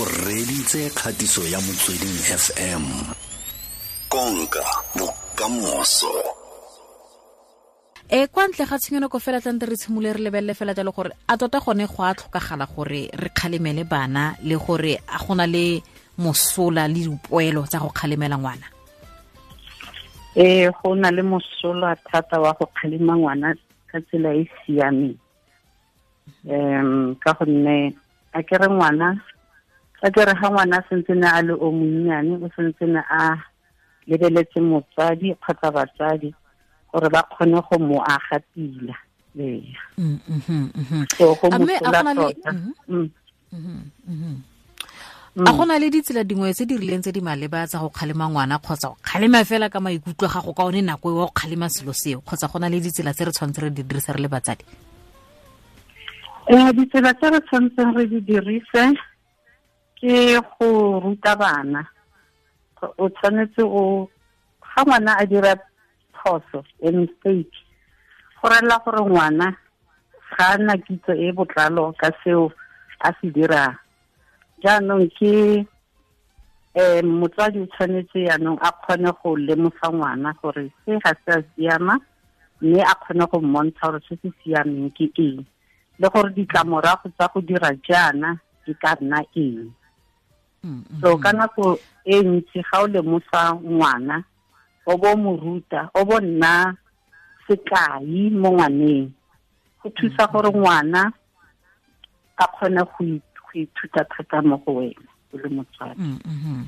o reditse kgatiso ya motsweding fm konka bokamoso e kwa ntle ga tshenyenoko fela tlante re tshimole re lebelele fela jalo gore a tota gone go a tlhokagala gore re kgalemele bana le gore a gona le mosola le dipoelo tsa go kgalemela ngwana ee go na le mosola thata wa go kgalema ngwana ka tsela e, e siameng um ka gonne a kere ngwana ka kere ga ngwana a sentse ne a le o monnyane o sentse ne a lebeletse motsadi kgotsa batsadi gore ba kgone go mo aga pila ee go mosola a gona le ditsela dingwe tse di rileng tse di maleba tsa go kgalema ngwana kgotsa go kgalema fela ka maikutlo gago ka one nako wa go kgalema selo seo kgotsa gona le ditsela tse re tshwanetse re di dirisa re le batsadi um ditsela tse re tshwanetseng re di dirise ke go ruta bana o tshwanetse go ga ngwana a dira phoso e mistake go rela gore ngwana ga na kitso e botlalo ka seo a se dirang jaanong ke um motswadi o tshwanetse yaanong a kgone go lemosa ngwana gore se ga se a siama mme a kgone go mmontsha gore se se siameng ke eng le gore ditlamorago tsa go dira jaana di ka nna eng Mm-hmm. so ka nako e ntsi ga o lemosa ngwana o bo mo ruta o bo nna sekai mo ngwaneng go thusa mm-hmm. gore ngwana a kgone go ithuta thata mo go wena le motswadi mm-hmm.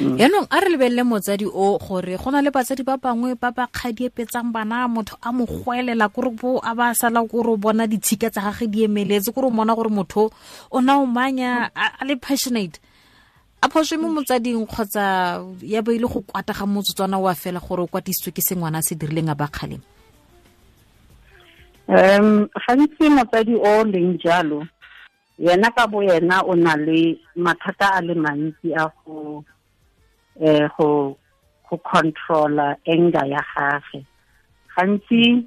Mm. yaanong a re lebelele motsadi o gore go na le batsadi ba bangwe ba ba kgadiepetsang bana motho a mo goelela kore bo a ba sala kore bona ditshika tsa gage di emeletse kore o mona gore motho o na o manya a le passionate a phoso mo motsading kgotsa ya bo ile e go kwatega motsotswana wa fela gore o kwatisitswe ke sengwana se dirileng a bakgaleng um gantsi motsadi o leng jalo yena ka bo yena o na le mathata a le mantsi a go eh go go controller anger ya gagwe gantsi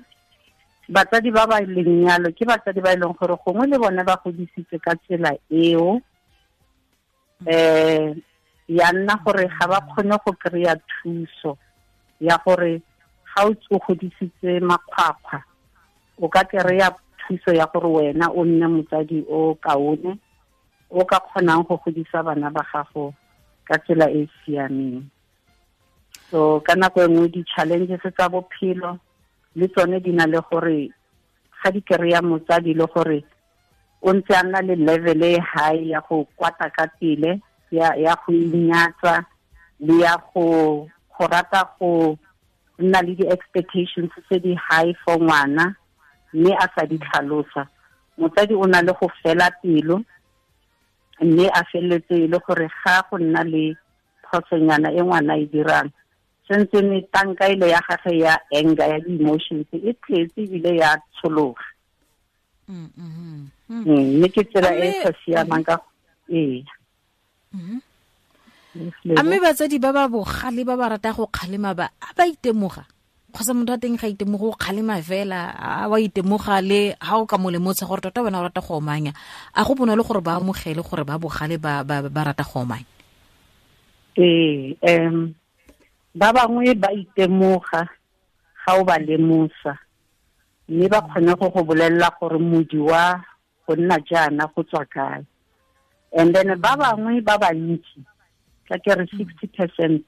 batsadi ba ba leng nyalo ke batsadi ba e leng gore gongwe le bone ba godisitse ka tsela eo eh ya nna gore ga ba kgone go kry-a thuso ya gore ga o tse godisitse makgwakgwa o ka kry-a thuso ya gore wena o nne motsadi o kaone o ka kgonang go godisa bana ba gago ka tsela e e siameng so ka nako e nngwe di-challenges tsa bophelo le tsone di na le gore ga di kry-a motsadi le gore o ntse a nna le level e high ya go kwata ka pele ya ya go inyatsa le ya go go rata go nna le di-expectations tse di high for ngwana mme a sa di tlhalosa motsadi o na le go fela pelo mme a feleletse e le gore ga go nna le phosonyana e ngwana e dirang sentse ne tankaelo ya gage ya anger ya di-emotions e tletse ebile ya tshologa mm -hmm. Mm. Mm, mme ke tsela e sa siamang ka ee a mm. mme batsadi ba ba bogale ba ba rata go kgalema ba a ba itemoga kgotsa motho a teng ga itemoge o kgalema fela a wa itemoga le ga o ka mo lemotsha gore tota bona o rata go omanya a go bona le gore ba amogele gore ba bogale ba rata go omanya ee um ba bangwe ba itemoga ga o ba lemosa mme ba kgone go go bolelela gore modi wa go nna jaana go tswa kae and then ba bangwe ba bantsi ka ke re sixty percent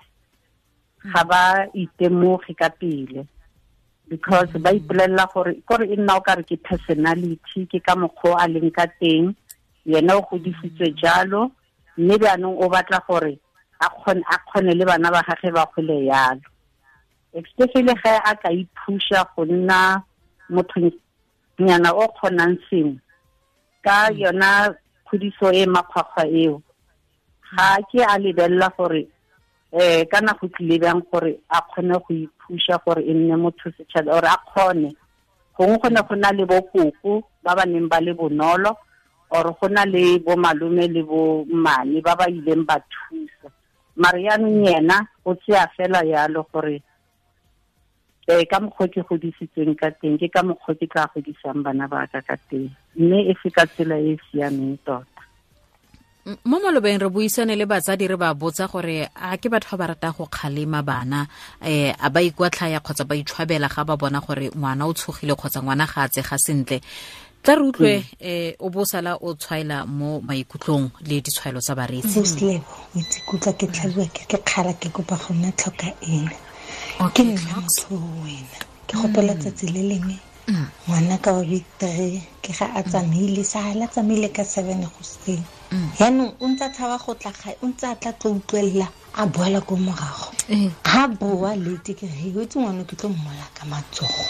ga ba itemoge ka pele because ba ipolelela gore kore e nna o kare ke personality ke ka mokgwa a leng ka teng yena o godisitswe jalo mme bjanong o batla gore a kgone le bana ba gage ba gole yalo especially ge a ka iphusha go nna mothonyana o kgonang sengwe ka yona khudiso e makgwakgwa eo ga ke a lebella gore eh kana go e tlile bjang gore a kgone go iphuša gore e nne motho setšhaba or a kgone gongwe go ne go na le bokoko ba ba neng ba le bonolo or go na le bo malume le bo mane ba ba ileng ba thusa mare yaanong yena o tseya fela yalo gore eh ka mokgwa ke godisitsweng ka teng ke ka mokgwa ke tla godisang bana ba ka ka teng mme e se ka tsela e e siameng tota mo malobeng re buisane le batsadi re ba botsa gore a ke batho ba ba rata go kgalema bana eh a ba ikwatlhaya kgotsa ba itshwabela ga ba bona gore ngwana o tshogile kgotsa ngwana ga a tsega sentle tla re utlwe um o bo sala o tshwaela mo maikutlong le ditshwaelo tsa bareetsi boslebo itse ke tlhabiwa ke ke kgala ke kopa go nna tlhoka ena Oh, ke relax go wena ke gopola mm. tsatsi le lengwe mm. ngwana ka wa victory ke ga a tsamaile sala tsamaile ka seven goseng mm. yaanong o ntse a tshaba go tla gae o ntse a tla tlo utlwelela a boela ko morago ga eh. boa late ke reetse ngwana ke tlo mmola ka matsogo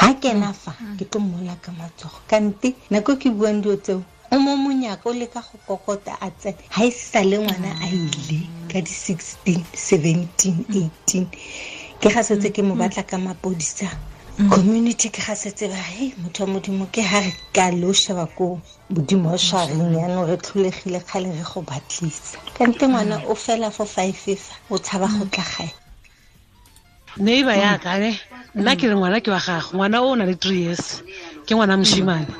ga kena fa ke tlo mmola ka matsogo kante nako e ke buang dio tseo o mo monyako le ka go kokota a tsena ga e sa le ngwana a ile ka di sixteen seventeen eighteen ke ga setse ke mo batla ka mapodisa community ke ga setse ba he motho wa modimo ke ga re ka lo sheba ko modimo o shareng yanong re tlholegile kgale re go batlisa kante ngwana o fela for five fa o tshaba go tla gae neiba yakae nna ke re ngwana ke wa gago ngwana o o na le three years ke ngwana moshimane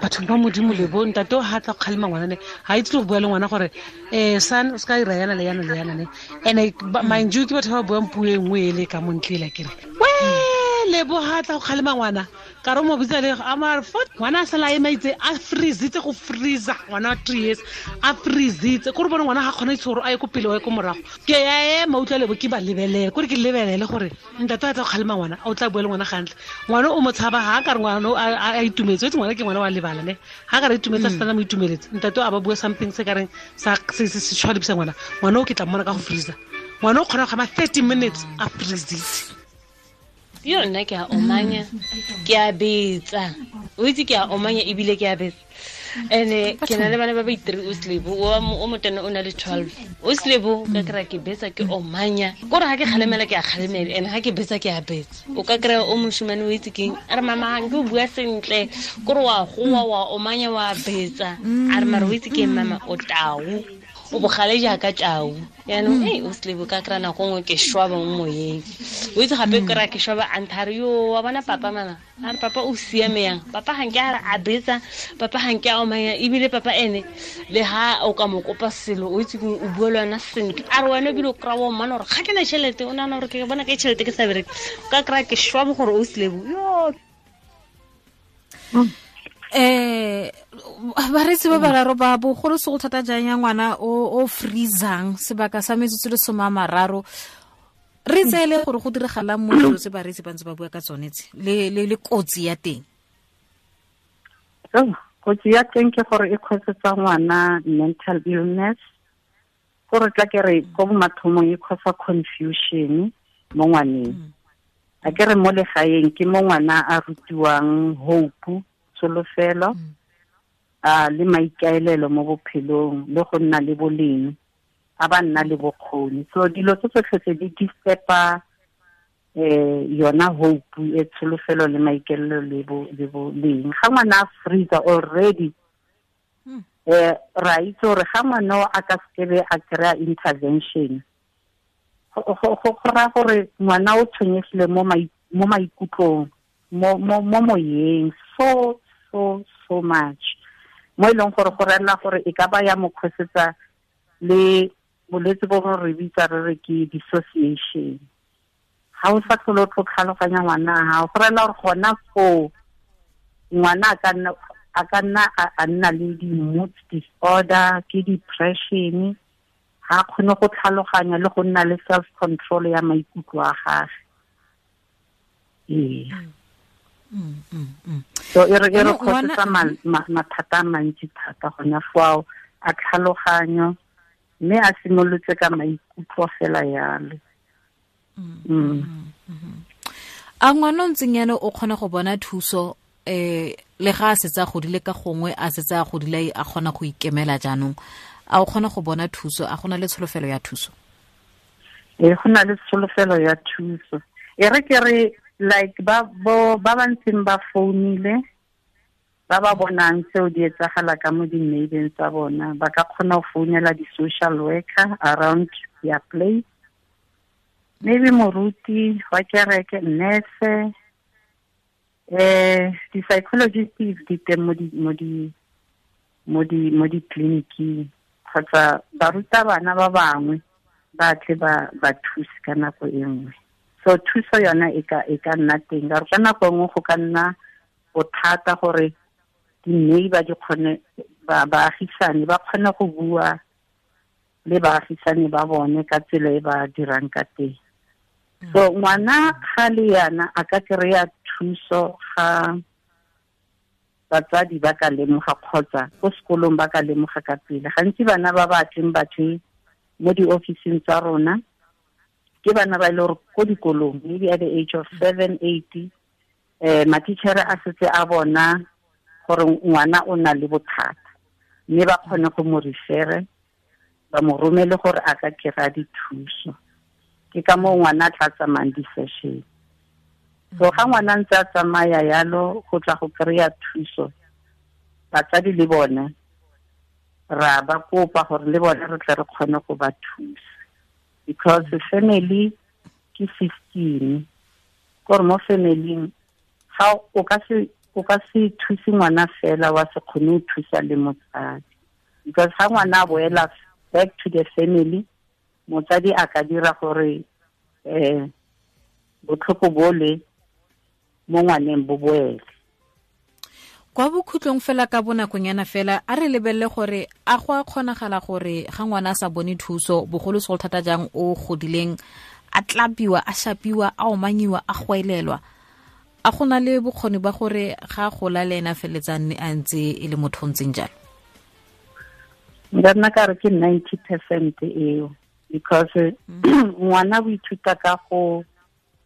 batho ba modimo le bone tate o ga tla kgalema ngwanane ga itse go bua le ngwana gore um eh, san o se ka dira yana le yana le yanane and-e mind you ke batho ba buang puo e nngwe e le ka montle ela kere we lebo tla go kgalema ngwana ka mo botsa le amare fort ngwana a sala ema itse a freezitse go freeza ngwana wa three years a freezitse kore bone ngwana ga kgona itse gore a ye ko pele wa ye ko morago ke ya ema utlwa lebo ke ba lebelele kore ke lebelele gore ntate a tla go kgalema ngwana o tla bua ngwana gantle ngwana o mo ga a ka ngwana a itumetse etse ngwana ke ngwana wa lebala ne ga ka re itumetse a mm. setana mo itumeletse ntate a ba bua something se kareng se tshwadipisa ngwana ngwana o ke tla mmona ka go freeza ngwana o kgona go gama thirty minutes a freezitse yo nna ke a omanya ke a betsa o itse ke a omanya ebile ke a betsa and-e ke na le bana ba ba-three o slebo o motene o na le twelve o slebo o ka kry-a ke betsa ke omanya kore ga ke kgalemela ke a kgalemela and ga ke betsa ke a betsa o ka kry-a o mosimane o itse keng a re mama ke o bua sentle kore wa goa wa omanya wa betsa a re mare o itse keng mama o tao o bogale jaaka tau yaanong mm. e o selebo ka kry-a nako ngwe ke shwaba mo moyeng o itse gape mm. kry-a ke shwaba anta re yo wa bona papa mana a re papa o siame yang papa ganke a re a betsa papa ganke a omanya ebile papa ene le ga o ka mokopa selo o itse keng o bua le wena sentle a re wena bile o kry-a wa gore ga ke na tšhelete o nagana gore ke bona ke tšhelete ke sa bereke o ka kry-a ke shwabo gore o selebo yo um baretsi ba bararo ba bogolosego thata jang ya ngwana o freezang sebaka sa metsotso le some a mararo re tseele gore go diragalang mo dilo tse baretsi ba ntse ba bua ka tsonetse le kotsi ya teng oh, kotsi ya teng ke gore e kgosetsa ngwana mental illness gore tla ke re ko bomathomong e kgosa confusion mo ngwaneng mm. a ke re mo legaeng ke mo ngwana a rutiwang hope solofelo mm. a le maikaelelo mo bophelong le go nna le boleng a ba nna le bokgoni so dilo tse tsotlhe tse di distepa eh yona hope e tsholofelo le maikelelo le bo le bo ga ngwana a freeza already hmm. eh ra itse gore ga ngwana ka sekebe a kry-a intervention go raya gore ngwana o tshwenyegile mo maikutlong mo moyeng so so so much mo e leng gore go relela gore e ka ba ya mo kgosetsa le bolwetse bo bo re bitsa re re ke dissociation ga o sa tlhole o tlo tlhaloganya ngwana ga go reela gore gona foo ngwana a ka nna a ka nna a nna le di-mood disorder ke depression ga kgone go tlhaloganya le go nna le self control ya maikutlo a gage ee mm. Mm, mm, mm. so e re ke re kgotsetsa mathata a mantsi thata gona fao a tlhaloganyo mme a simolotse ka maikutlo fela yalo a ngwana o ntseng yana o kgona go bona thuso um le ga a setse a godile ka gongwe a setse a godile a kgona go ikemela jaanong a o kgona go bona thuso a gona le tsholofelo ya thuso e go na le tsholofelo ya thuso e re ke re like ba bo ba ba ntseng ba founile ba ba bonang tseo di etsagala ka mo di-maiden tsa bona ba ka kgona go founela di-social worker around their place maybe moruti wa kereke nurse eh di-psychologist if di teng mo mo ditleliniking kgotsa barutabana ba bangwe ba tle ba thuse ka nako e nngwe so thuso yona e ka e ka nna teng ka gore ka nako e nngwe go ka nna bothata gore di-neighbor di kgone baagisane ba kgone go bua le baagisane ba bone ka tsela e ba dirang ka teng so ngwana ga le yana a ka kry-a thuso ga batsadi ba ka lemoga kgotsa ko sekolong ba ka lemoga ka pele gantsi bana ba ba tleng batho mo di-officing tsa rona ke bana ba ile gore ko dikolong maybe at the age of seven eighty um eh, matišhere a setse a bona gore ngwana o na le bothata mme ba kgone go mo refere ba mo romele gore a ka kry-a dithuso ke ka moo ngwana a tla tsamayang di-session so ga ngwana ntse a tsamaya yalo go tla go kry-a thuso batsadi le bone ra ba kopa gore le bone re tle re kgone go ba thusa because family ke 15 gore mo family ga o ka se o ka se thusi ngwana fela wa se kgone go thusa le motsadi because ga ngwana a boela back to the family motsadi a ka dira gore um botlhoko bole mo ngwaneng bo boele kwa bokhutlong fela ka bonakonyana fela a re lebelele gore a go a kgonagala gore ga ngwana a sa bone thuso bogolosego thata jang o godileng a tlapiwa a shapiwa a omanyiwa a goelelwa a go na le bokgoni ba gore ga gola le ena feleletsa nne a ntse e le motho o ntseng jalo nka nna ka re ke ninety percent eo because mm. ngwana o ithuta ka go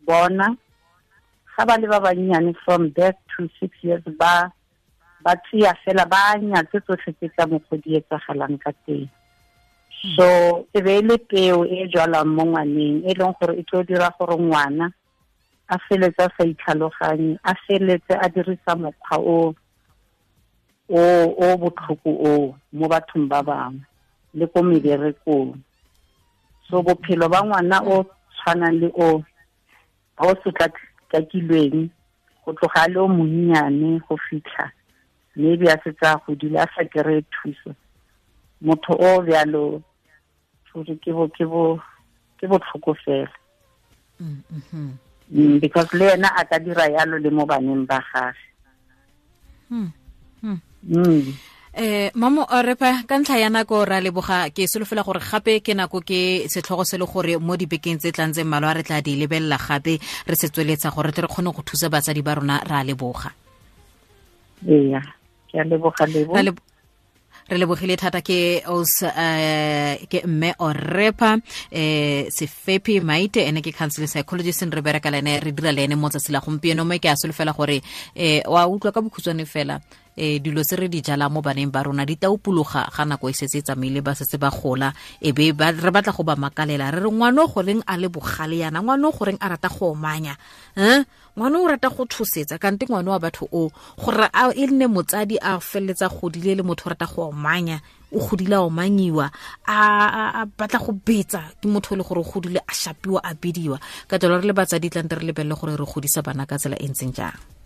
bona ga ba le ba bannyane from birth to six years ba ba tsiya fela ba nyatse tsotlhe tse tsa mogodi e tsagalang ka teng hmm. so e be e le peo e jwalang mo ngwaneng e leng gore e tlo dira gore ngwana a feletse a sa itlhaloganye a feletse a dirisa mokgwa o o o botlhoko o mo bathong ba bangwe le ko meberekong so bophelo ba ngwana o tshwanang le o ba o sotlakakilweng go tloga le o monnyane go fitlha maybe be a setse a godile a sa kry thuso motho o bjalo gore ke bo botlhoko fela mm, mm-hmm. mm, because le ena a ka dira yalo le mo baneng ba gage hmm, hmm. mm. eh mamo orepa ka ntlha ya nako ra leboga ke solofela gore gape ke nako ke setlhogo se le gore mo dibekeng tse tlang tse a re tla di lebelela gape re se tsweletsa gore tle re kgone go thusa batsadi ba rona ra leboga yeah. ke a leboga lebo re lebogile thata ke os uh, ke mme orepa eh sefepi maite ene ke counseling psychologist re bereka le ene re dira le ene motsa tsatsi gompieno mo ke a solofela gore wa utlwa ka bokhutswane fela e dilo tse re di jala mo baneng ba rona di taupologa ga nako e setse e tsamaile ba setse ba gola e be re batla go ba makalela re re ngwana o goreng a le bogale yana ngwana o goreng a rata go omanya um ngwana o rata go thosetsa kante ngwana wa batho o gore a e nne motsadi a feleletsa godile le motho o rata go omanya o godile a omanyiwa a batla go betsa ke motho e le gore o godile a shapiwa a bediwa ka jalo re le batsadi tlante re lebelele gore re godisa bana ka tsela e ntseng jang